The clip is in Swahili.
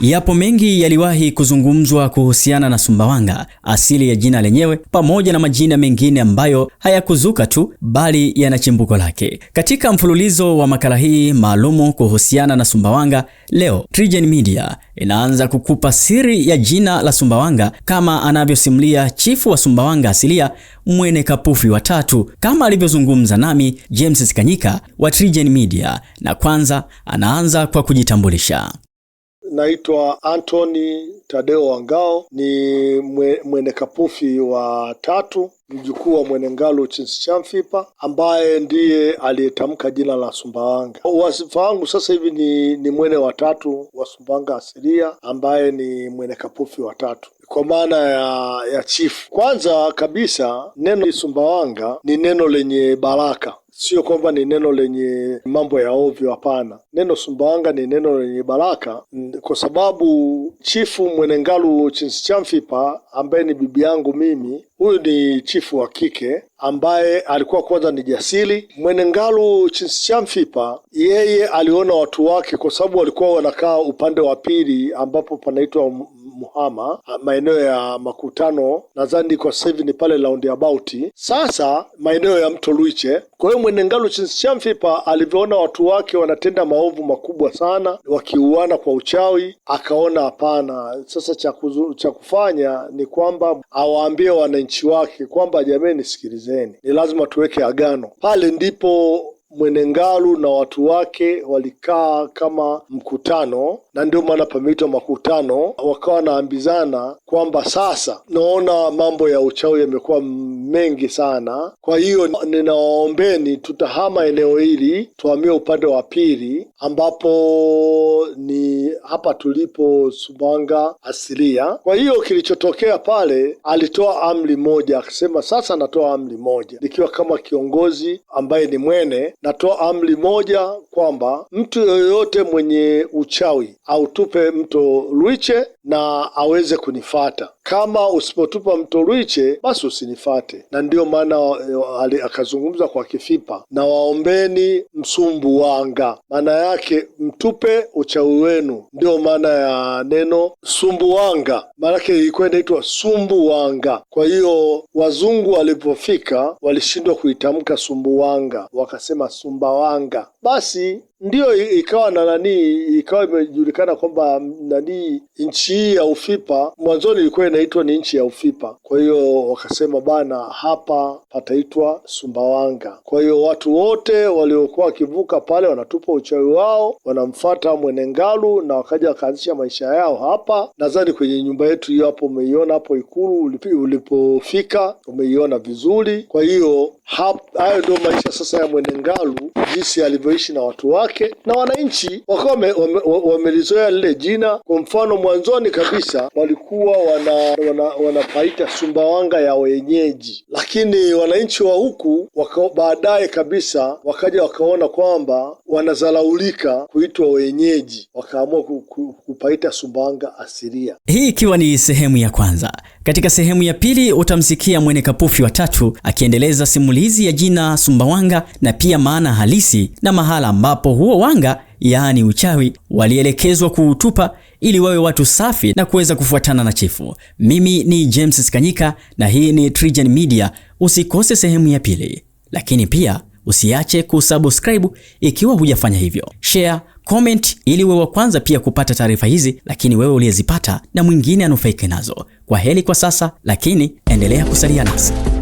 Yapo mengi yaliwahi kuzungumzwa kuhusiana na Sumbawanga, asili ya jina lenyewe pamoja na majina mengine ambayo hayakuzuka tu bali yana chimbuko lake. Katika mfululizo wa makala hii maalumu kuhusiana na Sumbawanga, leo TriGen Media inaanza kukupa siri ya jina la Sumbawanga kama anavyosimulia chifu wa Sumbawanga asilia Mwene Kapufi wa tatu kama alivyozungumza nami James Sikanyika wa TriGen Media, na kwanza anaanza kwa kujitambulisha naitwa antony Tadeo Wangao, ni kapufi wa tatu, mjukuu wa Mwenengalo mfipa ambaye ndiye aliyetamka jina la Sumbawanga. Wasifa wangu sasa hivi ni, ni mwene wa tatu wa Sumbawanga asilia ambaye ni mwendekapufi wa tatu kwa maana ya, ya chifu. Kwanza kabisa neno Sumbawanga ni neno lenye baraka Sio kwamba ni neno lenye mambo ya ovyo, hapana. Neno Sumbawanga ni neno lenye baraka, kwa sababu Chifu Mwenengalu Chinsichamifipa ambaye ni bibi yangu mimi, huyu ni chifu wa kike ambaye alikuwa kwanza ni jasiri. Mwenengalu Chinsichamifipa yeye aliona watu wake, kwa sababu walikuwa wanakaa upande wa pili ambapo panaitwa Muhama, ah, maeneo ya makutano, nadhani kwa sasa hivi ni pale roundabout, sasa maeneo ya mto Luiche. Kwa hiyo Mwenengalo Chinshamfipa alivyoona watu wake wanatenda maovu makubwa sana, wakiuana kwa uchawi, akaona hapana, sasa cha cha kufanya ni kwamba awaambie wananchi wake kwamba jameni, nisikilizeni ni lazima tuweke agano. Pale ndipo Mwenengalu na watu wake walikaa kama mkutano, na ndio maana pameitwa makutano. Wakawa wanaambizana kwamba sasa naona mambo ya uchawi yamekuwa mengi sana, kwa hiyo ninawaombeni tutahama eneo hili tuhamie upande wa pili, ambapo ni hapa tulipo Sumbawanga asilia. Kwa hiyo kilichotokea pale, alitoa amri moja akasema, sasa natoa amri moja nikiwa kama kiongozi ambaye ni mwene Natoa amri moja kwamba mtu yoyote mwenye uchawi autupe mto Lwiche na aweze kunifata. Kama usipotupa Ruiche, basi usinifate. Na ndiyo maana eh, akazungumza kwa Kifipa, na waombeni wanga maana yake mtupe uchawi wenu. Ndiyo maana ya neno sumbu wanga maanake ilikuwa inaitwa sumbu wanga Kwa hiyo wazungu walipofika walishindwa kuitamka sumbuwanga, wakasema sumba wanga Basi Ndiyo ikawa na nani, ikawa imejulikana kwamba nani, nchi hii ya Ufipa mwanzoni ilikuwa inaitwa ni nchi ya Ufipa. Kwa hiyo wakasema bana, hapa pataitwa Sumbawanga. Kwa hiyo watu wote waliokuwa wakivuka pale wanatupa uchawi wao, wanamfata Mwenengalu na wakaja wakaanzisha maisha yao hapa. Nadhani kwenye nyumba yetu hiyo hapo, umeiona hapo Ikulu ulipofika, umeiona vizuri. Kwa hiyo Hayo ndio maisha sasa ya Mwenengalu, jinsi alivyoishi na watu wake na wananchi. Wakawa wamelizoea wame lile jina. Kwa mfano, mwanzoni kabisa walikuwa wanapaita wana, wana Sumbawanga ya wenyeji, lakini wananchi wa huku baadaye kabisa wakaja wakaona kwamba wanazalaulika kuitwa wenyeji, wakaamua kupaita Sumbawanga asilia, hii ikiwa ni sehemu ya kwanza. Katika sehemu ya pili utamsikia Mwene Kapufi wa tatu akiendeleza simulizi simulizi ya jina Sumbawanga na pia maana halisi na mahala ambapo huo wanga yaani uchawi walielekezwa kuutupa ili wawe watu safi na kuweza kufuatana na chifu. Mimi ni James Skanyika na hii ni TriGen Media. Usikose sehemu ya pili, lakini pia usiache kusubscribe ikiwa hujafanya hivyo, share, comment ili wewe wa kwanza pia kupata taarifa hizi, lakini wewe uliyezipata na mwingine anufaike nazo. Kwa heri kwa sasa, lakini endelea kusalia nasi.